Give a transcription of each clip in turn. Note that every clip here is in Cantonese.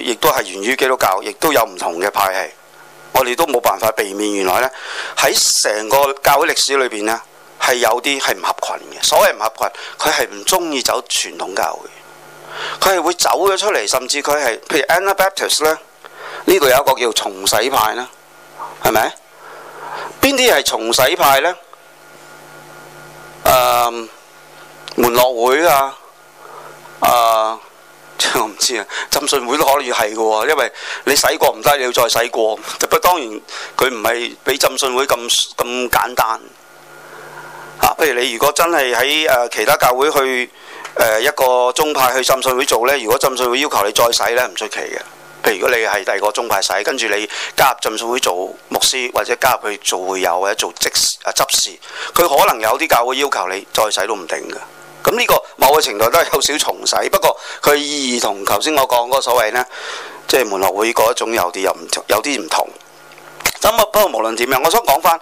亦都係源於基督教，亦都有唔同嘅派系。我哋都冇辦法避免。原來咧，喺成個教會歷史裏邊咧，係有啲係唔合群嘅。所謂唔合群，佢係唔中意走傳統教會，佢係會走咗出嚟。甚至佢係譬如 Anabaptists 咧，呢度有一個叫重洗派啦，係咪？邊啲係重洗派呢？誒，門諾會啊，誒、呃。我唔知啊，浸信會都可能要係嘅喎，因為你洗過唔得，你要再洗過。不過當然，佢唔係比浸信會咁咁簡單嚇、啊。譬如你如果真係喺誒其他教會去誒、呃、一個宗派去浸信會做呢，如果浸信會要求你再洗呢，唔出奇嘅。譬如如果你係第二個宗派洗，跟住你加入浸信會做牧師或者加入去做會友或者做執啊執事，佢可能有啲教會要求你再洗都唔定嘅。咁呢個某個程度都係有少重洗，不過佢意義同頭先我講嗰所謂呢，即係門諾會嗰一種有啲有唔同，有啲唔同。咁不過無論點樣，我想講返，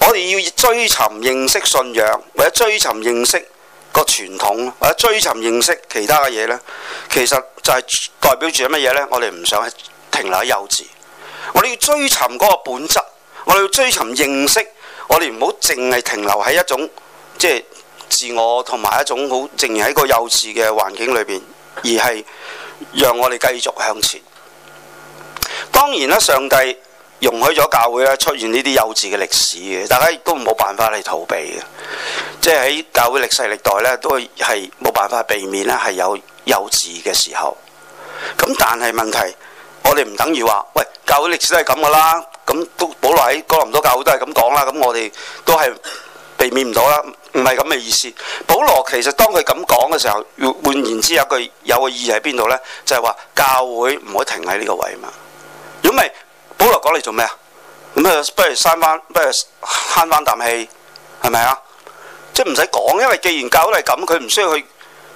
我哋要追尋認識信仰，或者追尋認識個傳統，或者追尋認識其他嘅嘢呢，其實就係代表住乜嘢呢？我哋唔想停留喺幼稚，我哋要追尋嗰個本質，我哋要追尋認識，我哋唔好淨係停留喺一種即係。自我同埋一種好，仍然喺個幼稚嘅環境裏邊，而係讓我哋繼續向前。當然啦，上帝容許咗教會咧出現呢啲幼稚嘅歷史嘅，大家亦都冇辦法嚟逃避嘅。即係喺教會歷世歷代咧，都係冇辦法避免咧，係有幼稚嘅時候。咁但係問題，我哋唔等於話喂，教會歷史都係咁噶啦。咁都保留喺哥林多教會都係咁講啦。咁我哋都係避免唔到啦。唔係咁嘅意思。保羅其實當佢咁講嘅時候，換言之有個有個意義喺邊度咧，就係話教會唔可以停喺呢個位嘛。嘛如果唔係，保羅講嚟做咩啊？咁啊，不如閂翻，不如慳翻啖氣，係咪啊？即係唔使講，因為既然教會都係咁，佢唔需要去。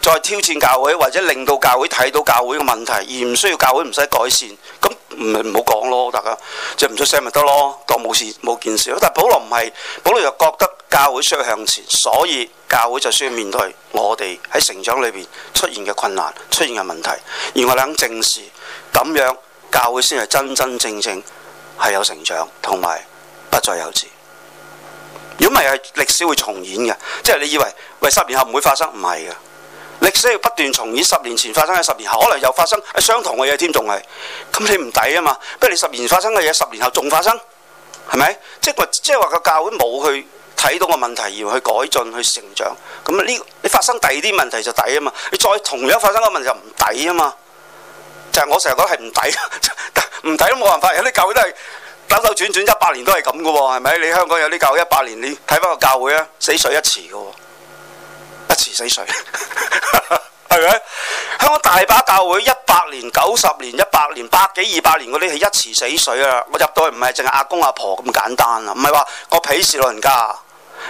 再挑戰教會，或者令到教會睇到教會嘅問題，而唔需要教會唔使改善，咁唔好講咯，大家即係唔出聲咪得咯，當冇事冇件事咯。但係保羅唔係，保羅又覺得教會需要向前，所以教會就需要面對我哋喺成長裏邊出現嘅困難、出現嘅問題，而我哋肯正視，咁樣教會先係真真正正係有成長，同埋不再幼稚。如果唔係，歷史會重演嘅，即係你以為喂，十年後唔會發生，唔係嘅。歷史要不斷重演，十年前發生嘅十年後可能又發生、哎、相同嘅嘢添，仲係咁你唔抵啊嘛？不如你十年前發生嘅嘢，十年後仲發生，係咪？即係話，即係話個教會冇去睇到個問題而去改進、去成長，咁呢、呢個？你發生第二啲問題就抵啊嘛？你再同樣發生嗰個問題就唔抵啊嘛？就係、是、我成日講係唔抵，唔抵都冇辦法。有啲教會都係兜兜轉轉一百年都係咁嘅喎，係咪？你香港有啲教會一百年，你睇翻個教會啊，死水一池嘅喎。池死水係咪，？ 香港大把教會一百年、九十年、一百年、百幾、二百年嗰啲係一池死水啊！我入到去唔係淨係阿公阿婆咁簡單啊，唔係話我鄙視老人家，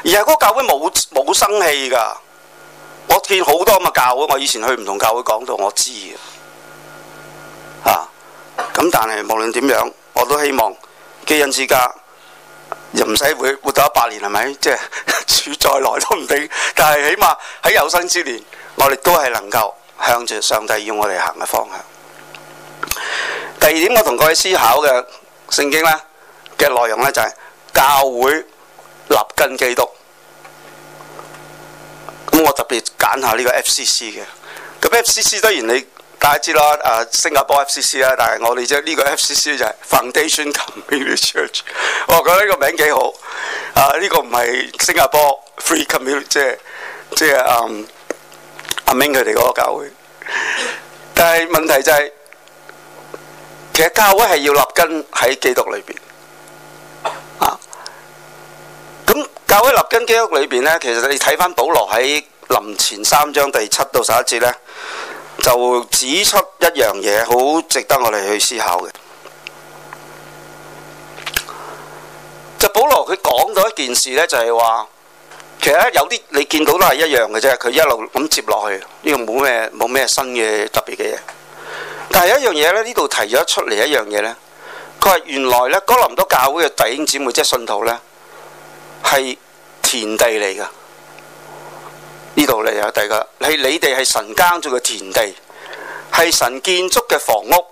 而係嗰教會冇冇生氣噶。我見好多咁嘅教會，我以前去唔同教會講到，我知啊。咁但係無論點樣，我都希望基恩之家。又唔使會活到一百年係咪？即係、就是、住再耐都唔定，但係起碼喺有生之年，我哋都係能夠向住上帝要我哋行嘅方向。第二點，我同各位思考嘅聖經呢嘅內容呢，就係、是、教會立根基督。咁我特別揀下呢個 FCC 嘅。咁 FCC 雖然你。大家知啦，誒、啊、新加坡 FCC 啦，但係我哋即係呢個 FCC 就係 Foundation Community Church， 我覺得呢個名幾好。啊，呢、這個唔係新加坡 Free Community，即係即係阿阿明佢哋嗰個教會。但係問題就係、是，其實教會係要立根喺基督裏邊啊。咁教會立根基督裏邊咧，其實你睇翻保羅喺林前三章第七到十一節咧。就指出一樣嘢，好值得我哋去思考嘅。就保羅佢講到一件事咧，就係話，其實有啲你見到都係一樣嘅啫。佢一路咁接落去，呢個冇咩冇咩新嘅特別嘅嘢。但係一樣嘢咧，呢度提咗出嚟一樣嘢咧，佢話原來咧，哥林多教會嘅弟兄姊妹即係信徒咧，係田地嚟噶。呢度嚟啊，第二個你哋係神耕種嘅田地，係神建築嘅房屋，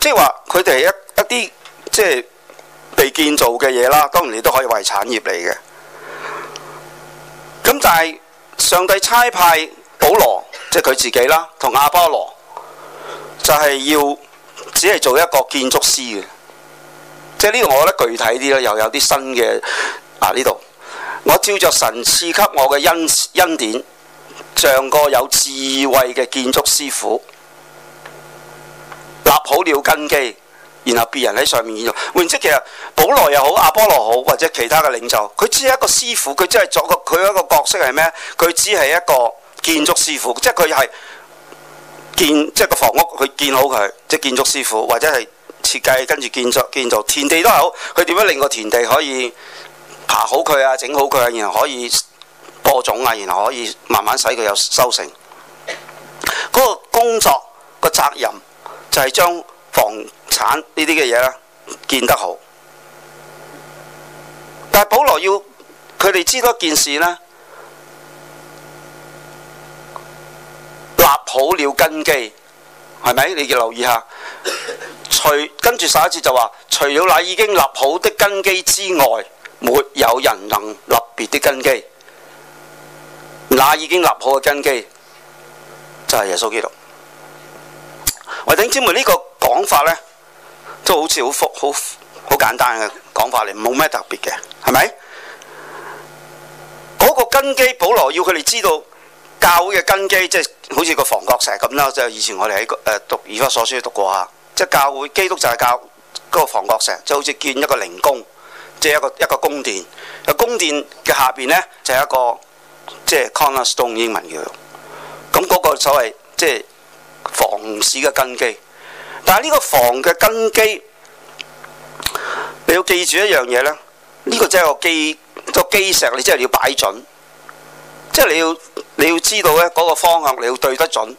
即係話佢哋係一一啲即係被建造嘅嘢啦。當然你都可以為產業嚟嘅。咁但係上帝差派保羅，即係佢自己啦，同亞波羅，就係、是、要只係做一個建築師嘅。即係呢個我覺得具體啲啦，又有啲新嘅啊呢度。我照着神賜給我嘅恩恩典，像個有智慧嘅建築師傅，立好了根基，然後別人喺上面建造。換言之，其實保羅又好，阿波羅好，或者其他嘅領袖，佢只係一個師傅，佢只係作個佢一個角色係咩？佢只係一個建築師傅，即係佢係建即係個房屋，佢建好佢，即係建築師傅，或者係設計跟住建造建造田地都好，佢點樣令個田地可以？爬好佢啊，整好佢啊，然後可以播種啊，然後可以慢慢使佢有收成。嗰、那個工作個責任就係將房產呢啲嘅嘢咧建得好。但係保羅要佢哋知道一件事呢：立好了根基係咪？你要留意下，除跟住下一節就話，除了你已經立好的根基之外。沒有人能立別的根基，那已經立好嘅根基，就係、是、耶穌基督。或者姊妹呢個講法呢，都好似好復、好好簡單嘅講法嚟，冇咩特別嘅，係咪？嗰、那個根基，保羅要佢哋知道教會嘅根基，即、就、係、是、好似個房角石咁啦。就是、以前我哋喺誒讀《以弗所書》讀過啊，即係教會基督就係教嗰、那個房角石，就是、好似建一個靈宮。即係一個一個宮殿，個宮殿嘅下邊咧就係、是、一個即係 cornerstone 英文嘅樣。咁嗰個所謂即係、就是、房市嘅根基，但係呢個房嘅根基，你要記住一樣嘢咧。呢、這個即係個基個基石，你即係要擺準，即、就、係、是、你要你要知道咧嗰、那個方向，你要對得準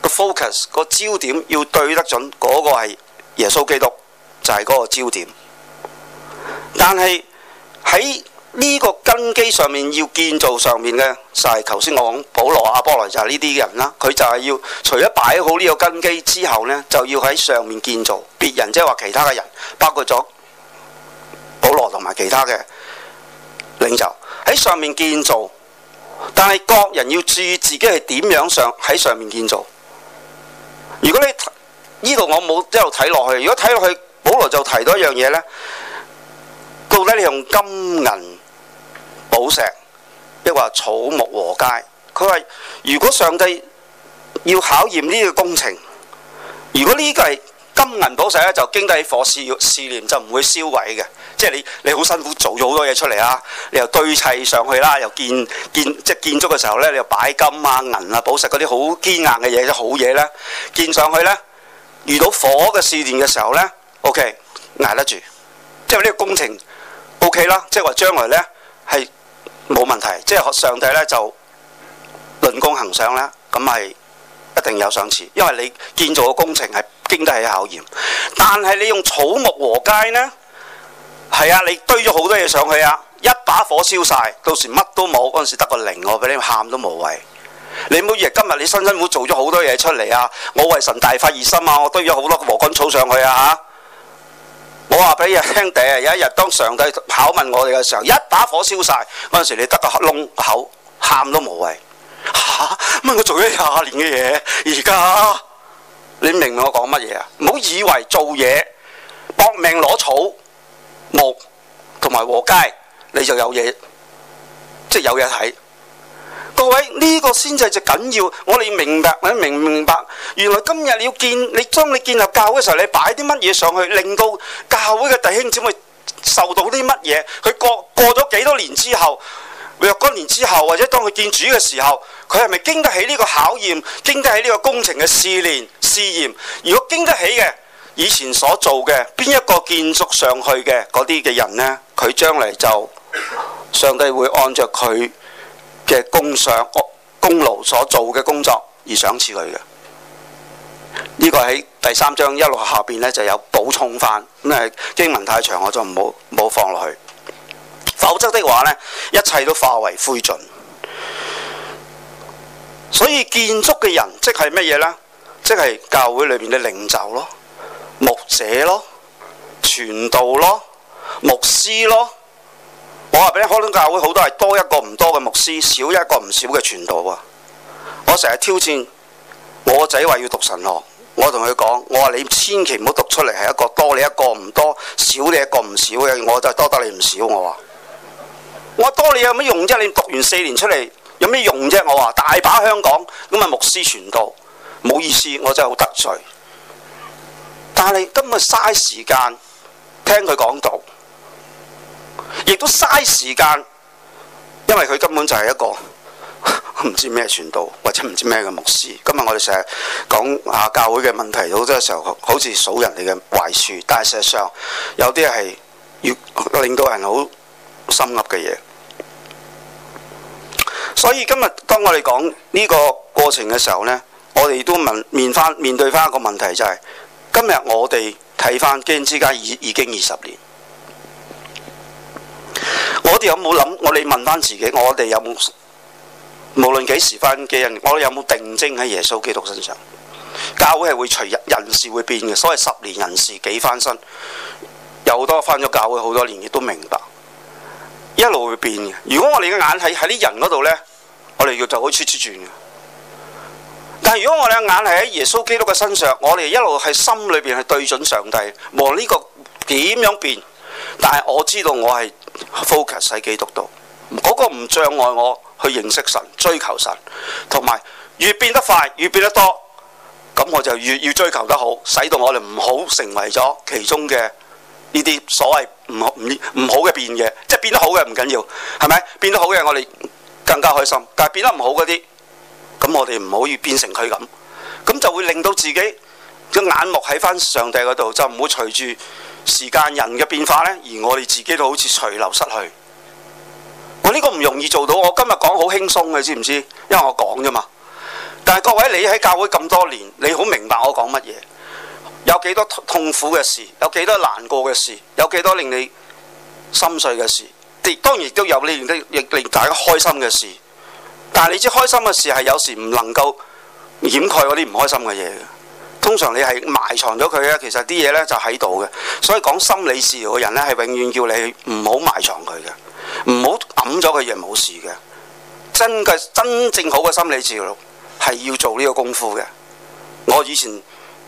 個 focus 個焦點要對得準，嗰、那個係耶穌基督就係、是、嗰個焦點。但係喺呢個根基上面要建造上面嘅，就係頭先我講保羅阿波羅就係呢啲嘅人啦，佢就係要除咗擺好呢個根基之後呢，就要喺上面建造別人，即係話其他嘅人，包括咗保羅同埋其他嘅領袖喺上面建造。但係各人要注意自己係點樣上喺上面建造。如果你呢度我冇一路睇落去，如果睇落去保羅就提到一樣嘢呢。到底你用金銀寶石，抑或草木禾稭？佢話：如果上帝要考驗呢個工程，如果呢個係金銀寶石咧，就經得起火試試驗，就唔會燒毀嘅。即係你你好辛苦做咗好多嘢出嚟啊，你又堆砌上去啦，又建建即係建築嘅時候咧，你又擺金啊銀啊寶石嗰啲好堅硬嘅嘢，好嘢咧，建上去咧，遇到火嘅試驗嘅時候咧，OK 捱得住，即係呢個工程。O K 啦，即係話將來呢係冇問題，即係上帝呢就論功行賞呢，咁係一定有賞賜，因為你建造嘅工程係經得起考驗。但係你用草木禾稭呢？係啊，你堆咗好多嘢上去啊，一把火燒晒，到時乜都冇，嗰陣時得個零我俾你，喊都冇謂。你唔好以為今日你辛辛苦做咗好多嘢出嚟啊，我為神大發熱心啊，我堆咗好多禾杆草上去啊嚇！我話俾你聽兄弟啊，有一日當上帝拷問我哋嘅時候，一把火燒晒，嗰陣時你得個窿口，喊都無謂。吓，乜我做咗廿年嘅嘢？而家你明唔明我講乜嘢啊？唔好以為做嘢搏命攞草木同埋和、和街，你就有嘢，即係有嘢睇。各位呢個先至最緊要，我哋明白唔明唔明白？原來今日你要建，你將你建立教會嘅時候，你擺啲乜嘢上去，令到教會嘅弟兄姊妹受到啲乜嘢？佢過過咗幾多年之後，若干年之後，或者當佢見主嘅時候，佢係咪經得起呢個考驗？經得起呢個工程嘅試煉、試驗？如果經得起嘅，以前所做嘅邊一個建築上去嘅嗰啲嘅人呢，佢將來就上帝會按着佢，嘅功上，工勞所做嘅工作而賞賜佢嘅，呢、這個喺第三章一路下邊呢就有補充翻。咁啊，經文太長，我就唔好冇放落去，否則的話呢，一切都化為灰燼。所以建築嘅人，即係乜嘢呢？即係教會裏面嘅領袖咯，牧者咯，傳道咯，牧師咯。我話俾你，開敦教會好多係多一個唔多嘅牧師，少一個唔少嘅傳道啊！我成日挑戰我個仔話要讀神學，我同佢講，我話你千祈唔好讀出嚟，係一個多，你一個唔多，少你一個唔少嘅，我就多得你唔少我話。我話我多你有咩用啫？你讀完四年出嚟有咩用啫？我話大把香港咁啊，牧師傳道冇意思，我真係好得罪。但係今日嘥時間聽佢講道。亦都嘥時間，因為佢根本就係一個唔知咩傳道或者唔知咩嘅牧師。今日我哋成日講啊教會嘅問題，好多時候好似數人哋嘅壞處，但係事實上有啲係要令到人好心噏嘅嘢。所以今日當我哋講呢個過程嘅時候呢，我哋都問面翻面對翻一個問題，就是，就係今日我哋睇翻基恩之家已已經二十年。有冇諗？我哋問翻自己，我哋有冇無論幾時翻嘅人，我哋有冇定睛喺耶穌基督身上？教會係會隨人，人事會變嘅，所謂十年人事幾翻身，有好多翻咗教會好多年亦都明白，一路會變嘅。如果我哋嘅眼係喺啲人嗰度呢，我哋要就會出出轉嘅。但係如果我哋嘅眼係喺耶穌基督嘅身上，我哋一路係心裏邊係對準上帝，無論呢個點樣變，但係我知道我係。focus 喺基督度，嗰個唔障礙我去認識神、追求神，同埋越變得快、越變得多，咁我就越要追求得好，使到我哋唔好成為咗其中嘅呢啲所謂唔唔唔好嘅變嘢。即係變得好嘅唔緊要，係咪變得好嘅我哋更加開心，但係變得唔好嗰啲，咁我哋唔好以變成佢咁，咁就會令到自己嘅眼目喺翻上帝嗰度，就唔好隨住時間人嘅變化咧，而我哋自己都好似隨流失去。我呢個唔容易做到，我今日講好輕鬆嘅，知唔知？因為我講啫嘛。但係各位，你喺教會咁多年，你好明白我講乜嘢？有幾多痛苦嘅事？有幾多難過嘅事？有幾多令你心碎嘅事？亦當然亦都有你令亦令大家開心嘅事。但係你知，開心嘅事係有時唔能夠掩蓋嗰啲唔開心嘅嘢。通常你係埋藏咗佢咧，其實啲嘢咧就喺度嘅，所以講心理治療嘅人咧，係永遠叫你唔好埋藏佢嘅，唔好揞咗佢，亦冇事嘅。真嘅真正好嘅心理治療係要做呢個功夫嘅。我以前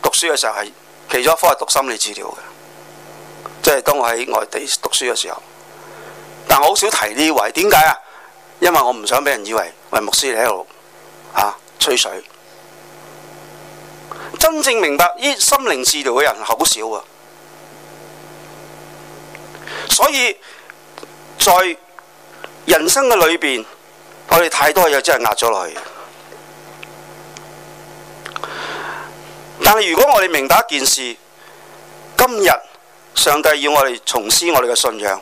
讀書嘅時候係其中一科係讀心理治療嘅，即係當我喺外地讀書嘅時候，但我好少提呢位，點解啊？因為我唔想俾人以為喂，牧師你喺度啊吹水。真正明白呢心靈治療嘅人好少啊，所以在人生嘅裏邊，我哋太多嘢真係壓咗落去。但係如果我哋明白一件事，今日上帝要我哋重施我哋嘅信仰，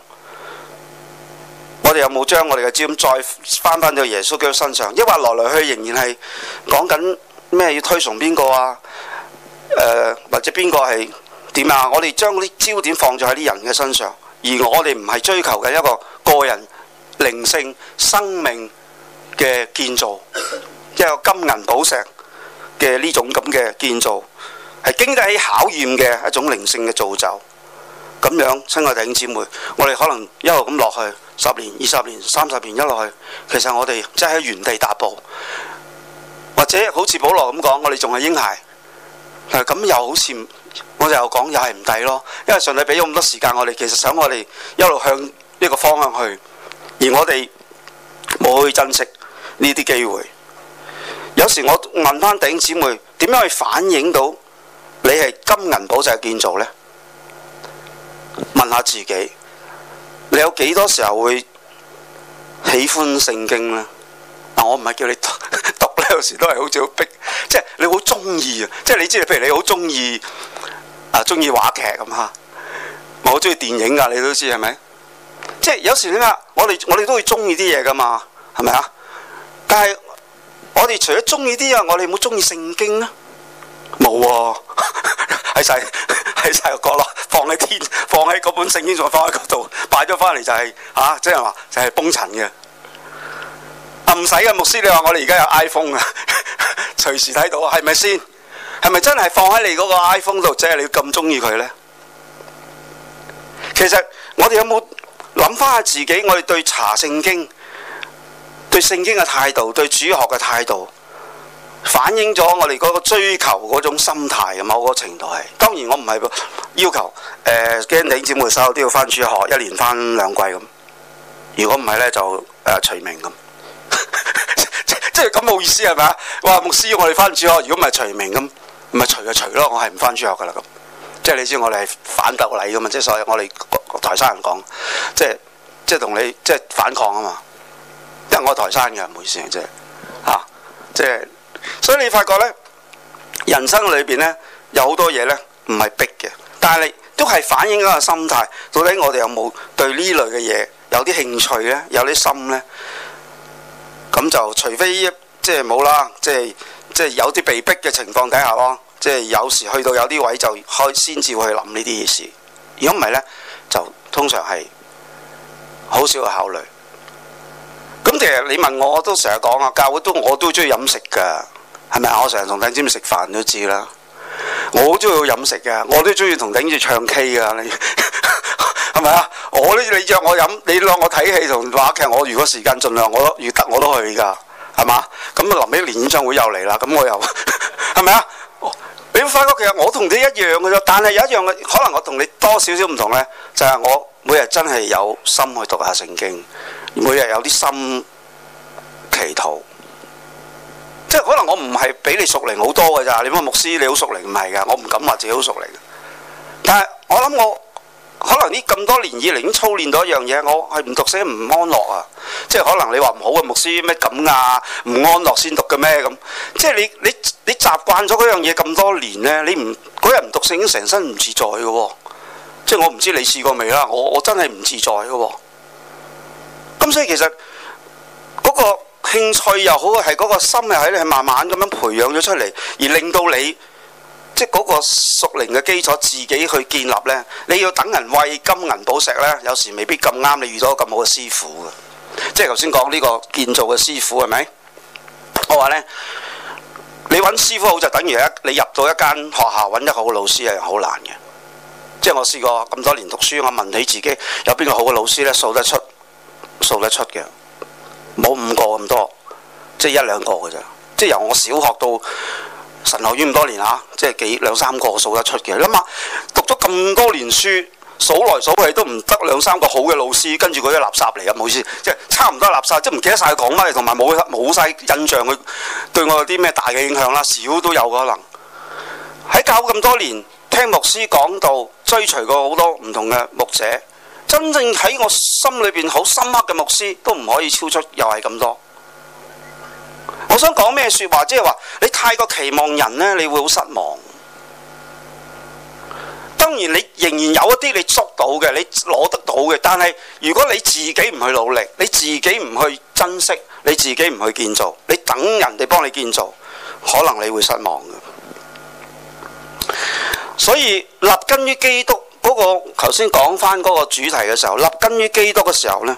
我哋有冇將我哋嘅焦點再翻翻到耶穌基督身上？抑或來來去仍然係講緊咩要推崇邊個啊？誒、呃、或者邊個係點啊？我哋將啲焦點放咗喺啲人嘅身上，而我哋唔係追求嘅一個個人靈性生命嘅建造，一個金銀寶石嘅呢種咁嘅建造，係經得起考驗嘅一種靈性嘅造就。咁樣，親愛弟兄姊妹，我哋可能一路咁落去十年、二十年、三十年一落去，其實我哋真係喺原地踏步，或者好似保羅咁講，我哋仲係嬰孩。.咁、嗯、又好似，我哋又講又係唔抵咯，因為上帝俾咗咁多時間，我哋，其實想我哋一路向呢個方向去，而我哋冇去珍惜呢啲機會。有時我問翻頂姊妹，點樣去反映到你係金銀寶石建造咧？問下自己，你有幾多時候會喜歡聖經咧？嗱，我唔係叫你讀。 有時都係好似好逼，即係你好中意啊！即係你知，譬如你好中意啊，中意話劇咁吓，我好中意電影啊！你都知係咪？即係有時點啊，我哋我哋都會中意啲嘢噶嘛，係咪啊？但係我哋除咗中意啲啊，我哋冇中意聖經啊？冇啊！喺晒喺晒個角落放喺天，放喺嗰本聖經，仲放喺嗰度擺咗翻嚟就係、是、啊！即係話就係封塵嘅。唔使啊，牧師，你話我哋而家有 iPhone 啊， 隨時睇到，係咪先？係咪真係放喺你嗰個 iPhone 度？即係你咁中意佢呢？其實我哋有冇諗翻下自己？我哋對查聖經、對聖經嘅態度、對主學嘅態度，反映咗我哋嗰個追求嗰種心態嘅某個程度係。當然，我唔係要求誒嘅、呃、領姊妹收都要翻主學，一年翻兩季咁。如果唔係呢，就誒除、呃、名咁。 即即係咁冇意思係咪？哇！牧師，要我哋翻主學，如果唔係除名咁，咪係除就除咯，我係唔翻主學噶啦咁。即係你知我哋係反斗嚟噶嘛？即係所以我哋台山人講，即係即係同你即係反抗啊嘛！因為我台山嘅唔好意思，即係吓、啊，即係所以你發覺咧，人生裏邊咧有好多嘢咧唔係逼嘅，但係你都係反映一個心態。到底我哋有冇對呢類嘅嘢有啲興趣咧？有啲心咧？咁就除非即係冇啦，即係即係有啲被逼嘅情況底下咯，即係有，有時去到有啲位就開先至會去諗呢啲嘢事，如果唔係呢，就通常係好少考慮。咁其實你問我，我都成日講啊，教會都我都中意飲食嘅，係咪啊？我成日同頂尖食飯都知啦，我好中意飲食嘅，我都中意同頂尖唱 K 嘅你。 係咪啊？我都要你約我飲，你攞我睇戲同話劇，我如果時間盡量，我都如得我都去噶係嘛？咁啊，臨尾年演唱會又嚟啦，咁我又係咪啊？你會發覺其實我同你一樣嘅啫，但係有一樣嘅，可能我同你多少少唔同呢，就係、是、我每日真係有心去讀下聖經，每日有啲心祈禱，即係可能我唔係比你熟靈好多嘅咋？你咁牧師你好熟靈唔係噶我唔敢話自己好熟靈，但係我諗我。可能呢咁多年以嚟已經操練到一樣嘢，我係唔讀聖唔安樂啊！即係可能你話唔好嘅牧師咩噉啊，唔安樂先讀嘅咩咁？即係你你你習慣咗嗰樣嘢咁多年呢，你唔嗰日唔讀聖已經成身唔自在嘅喎、啊。即係我唔知你試過未啦，我我真係唔自在嘅喎、啊。咁所以其實嗰、那個興趣又好，係嗰個心又喺度，慢慢咁樣培養咗出嚟，而令到你。即嗰個屬靈嘅基礎，自己去建立呢。你要等人餵金銀寶石呢，有時未必咁啱。你遇到咁好嘅師傅，即係頭先講呢個建造嘅師傅係咪？我話呢，你揾師傅好就等於一你入到一間學校揾一個好老師係好難嘅。即係我試過咁多年讀書，我問起自己有邊個好嘅老師呢？數得出，數得出嘅，冇五個咁多，即係一兩個嘅咋。即係由我小學到。神學院咁多年啊，即係幾兩三個數得出嘅。諗下讀咗咁多年書，數來數去都唔得兩三個好嘅老師，跟住嗰啲垃圾嚟，唔好意思，即係差唔多垃圾，即係唔記得晒佢講乜嘢，同埋冇冇晒印象佢對我有啲咩大嘅影響啦，少都有可能。喺教咁多年，聽牧師講道，追隨過好多唔同嘅牧者，真正喺我心裏邊好深刻嘅牧師，都唔可以超出又係咁多。我想講咩說話？即係話你太過期望人呢，你會好失望。當然你仍然有一啲你捉到嘅，你攞得到嘅。但係如果你自己唔去努力，你自己唔去珍惜，你自己唔去建造，你等人哋幫你建造，可能你會失望嘅。所以立根於基督嗰個，頭先講翻嗰個主題嘅時候，立根於基督嘅時候呢，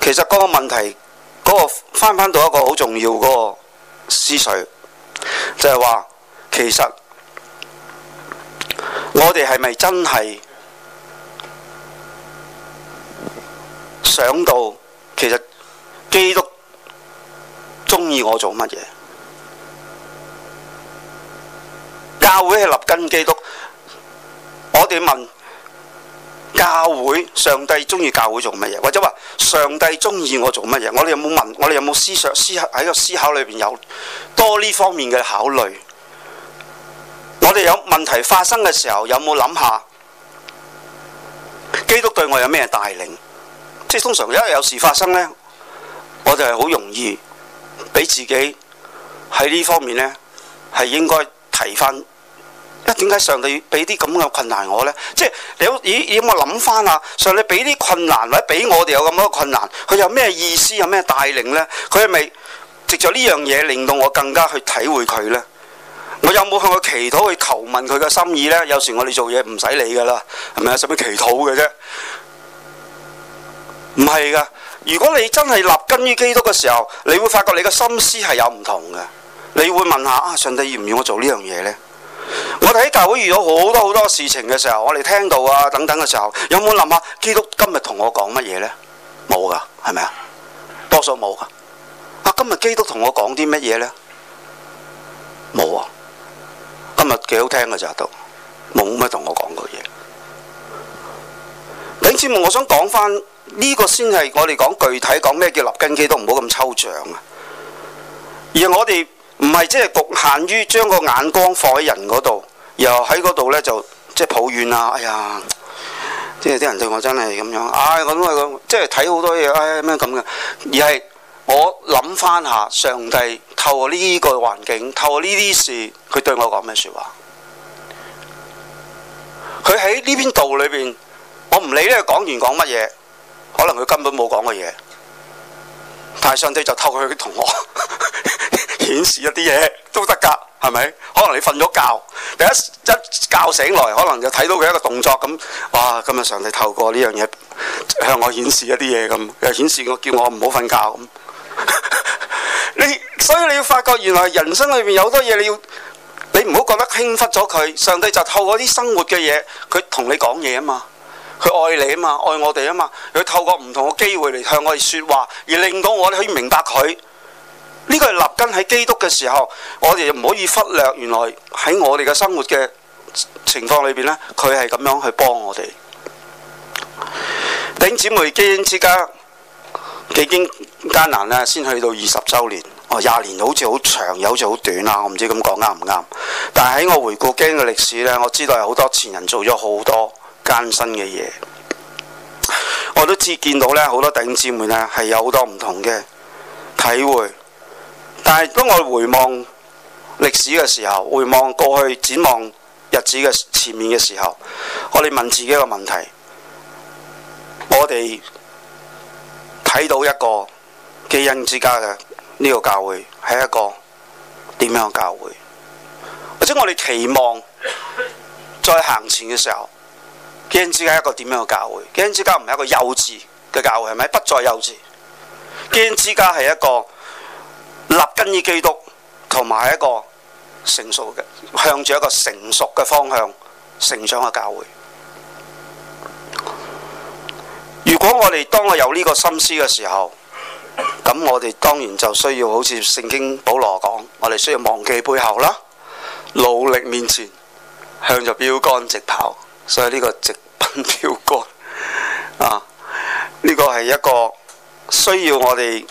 其實嗰個問題。嗰個返返到一個好重要嗰個思緒，就係、是、話其實我哋係咪真係想到其實基督鍾意我做乜嘢？教會係立根基督，我哋問。教會，上帝中意教會做乜嘢，或者話上帝中意我做乜嘢？我哋有冇問？我哋有冇思想、思考，喺個思考裏邊有多呢方面嘅考慮？我哋有問題發生嘅時候，有冇諗下基督對我有咩帶領？即係通常一有事發生咧，我哋係好容易俾自己喺呢方面咧係應該提翻。一點解上帝俾啲咁嘅困難我呢？即係你有冇以諗返啊！上帝俾啲困難，或者俾我哋有咁多困難，佢有咩意思？有咩帶領呢？佢係咪藉著呢樣嘢令到我更加去體會佢呢？我有冇向佢祈禱去求問佢嘅心意呢？有時我哋做嘢唔使理噶啦，係咪啊？使乜祈禱嘅啫？唔係噶，如果你真係立根於基督嘅時候，你會發覺你嘅心思係有唔同嘅。你會問下啊！上帝要唔要我做呢樣嘢呢？我哋喺教會遇到好多好多事情嘅時候，我哋聽到啊等等嘅時候，有冇諗下基督今日同我講乜嘢呢？冇噶，係咪啊？多數冇噶。啊，今日基督同我講啲乜嘢呢？冇啊。今日幾好聽噶咋都，冇乜同我講過嘢。頂住目，我想講翻呢個先係我哋講具體講咩叫立根基，都唔好咁抽象啊。而我哋。唔係即係局限於將個眼光放喺人嗰度，又喺嗰度呢，就即係抱怨啊！哎呀，即係啲人對我真係咁樣。哎，咁啊咁，即係睇好多嘢，哎咩咁嘅。而係我諗翻下，上帝透過呢個環境，透過呢啲事，佢對我講咩說話？佢喺呢邊度裏邊，我唔理呢講完講乜嘢，可能佢根本冇講過嘢，但係上帝就透過佢同我。 顯示一啲嘢都得噶，係咪？可能你瞓咗覺，第一一覺醒來，可能就睇到佢一個動作咁。哇！今日上帝透過呢樣嘢向我顯示一啲嘢咁，又顯示我叫我唔好瞓覺咁。 你所以你要發覺，原來人生裏面有好多嘢，你要你唔好覺得輕忽咗佢。上帝就透過啲生活嘅嘢，佢同你講嘢啊嘛，佢愛你啊嘛，愛我哋啊嘛，佢透過唔同嘅機會嚟向我哋說話，而令到我哋可以明白佢。呢個係立根喺基督嘅時候，我哋唔可以忽略原來喺我哋嘅生活嘅情況裏邊呢，佢係咁樣去幫我哋弟兄姊妹基恩之家幾經艱難呢，先去到二十週年哦，廿年好似好長，又好似好短啊！我唔知咁講啱唔啱，但係喺我回顧基恩嘅歷史呢，我知道有好多前人做咗好多艱辛嘅嘢，我都知見到呢，好多弟兄姊妹呢係有好多唔同嘅體會。但係當我哋回望歷史嘅時候，回望過去展望日子嘅前面嘅時候，我哋問自己一個問題，我哋睇到一個基恩之家嘅呢個教會係一個點樣嘅教會？或者我哋期望再行前嘅時候，基恩之家係一個點樣嘅教會？基恩之家唔係一個幼稚嘅教會，係咪？不再幼稚，基恩之家係一個。立根於基督，同埋一個成熟嘅，向住一個成熟嘅方向成長嘅教會。如果我哋當我有呢個心思嘅時候，咁我哋當然就需要好似聖經保羅講，我哋需要忘記背後啦，努力面前向着標杆直跑。所以呢個直奔標杆啊，呢個係一個需要我哋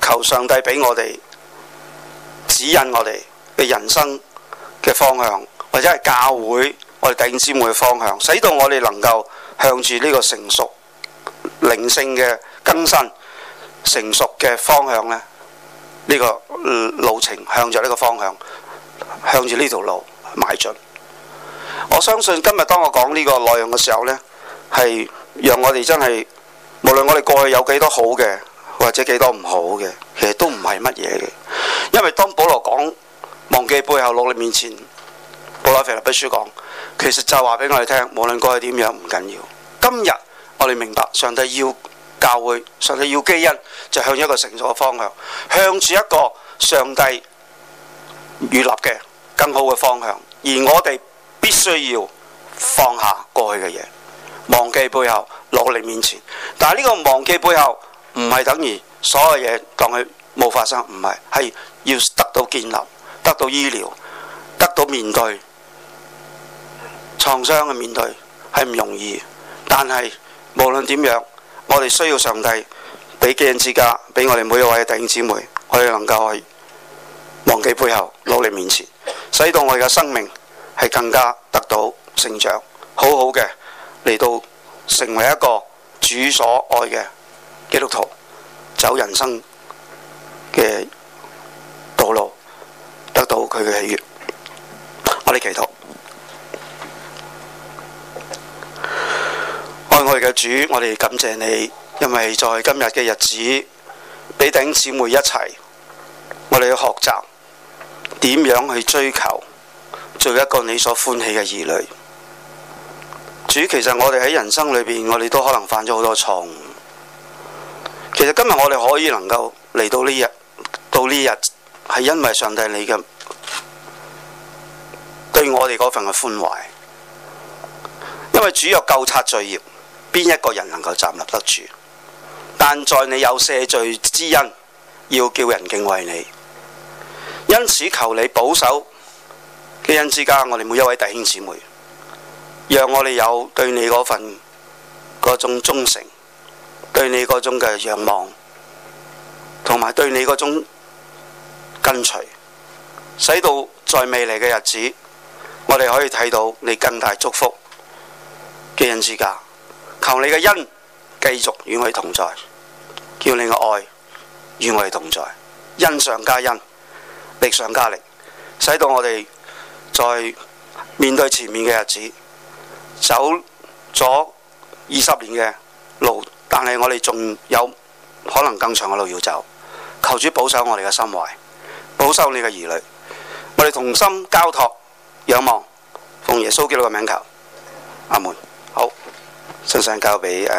求上帝俾我哋。指引我哋嘅人生嘅方向，或者係教會我哋弟兄姊妹嘅方向，使到我哋能夠向住呢個成熟靈性嘅更新、成熟嘅方向咧，呢個路程向著呢個方向，向住呢條路邁進。我相信今日當我講呢個內容嘅時候咧，係讓我哋真係無論我哋過去有幾多好嘅。或者幾多唔好嘅，其實都唔係乜嘢嘅。因為當保羅講忘記背後，落力面前，保羅腓立比書講，其實就話俾我哋聽，無論過去點樣唔緊要。今日我哋明白，上帝要教會，上帝要基恩，就向一個成熟嘅方向，向住一個上帝預立嘅更好嘅方向。而我哋必須要放下過去嘅嘢，忘記背後，落力面前。但係呢個忘記背後。唔係等於所有嘢當佢冇發生，唔係，係要得到建立、得到醫療、得到面對創傷嘅面對，係唔容易。但係無論點樣，我哋需要上帝俾基恩之家俾我哋每一位弟兄姊妹，我哋能夠去忘記背後，努力面前，使到我哋嘅生命係更加得到成長，好好嘅嚟到成為一個主所愛嘅。基督徒走人生嘅道路，得到佢嘅喜悅。我哋祈禱，愛我哋嘅主，我哋感謝你，因為在今日嘅日子，俾弟兄姊妹一齊，我哋要學習點樣去追求，做一個你所歡喜嘅兒女。主，其實我哋喺人生裏邊，我哋都可能犯咗好多錯誤。今日我哋可以能夠嚟到呢日，到呢日係因為上帝你嘅對我哋嗰份嘅寬懷，因為主若究察罪孽，邊一個人能夠站立得住？但在你有赦罪之恩，要叫人敬畏你。因此求你保守，基恩之家，我哋每一位弟兄姊妹，讓我哋有對你嗰份嗰種忠誠。對你嗰種嘅仰望，同埋對你嗰種跟隨，使到在未來嘅日子，我哋可以睇到你更大祝福嘅人之家。求你嘅恩繼續與我同在，叫你嘅愛與我哋同在，恩上加恩，力上加力，使到我哋在面對前面嘅日子，走咗二十年嘅路。但係我哋仲有可能更長嘅路要走，求主保守我哋嘅心懷，保守你嘅兒女，我哋同心交託仰望，奉耶穌基督嘅名求，阿門。好，信心交俾誒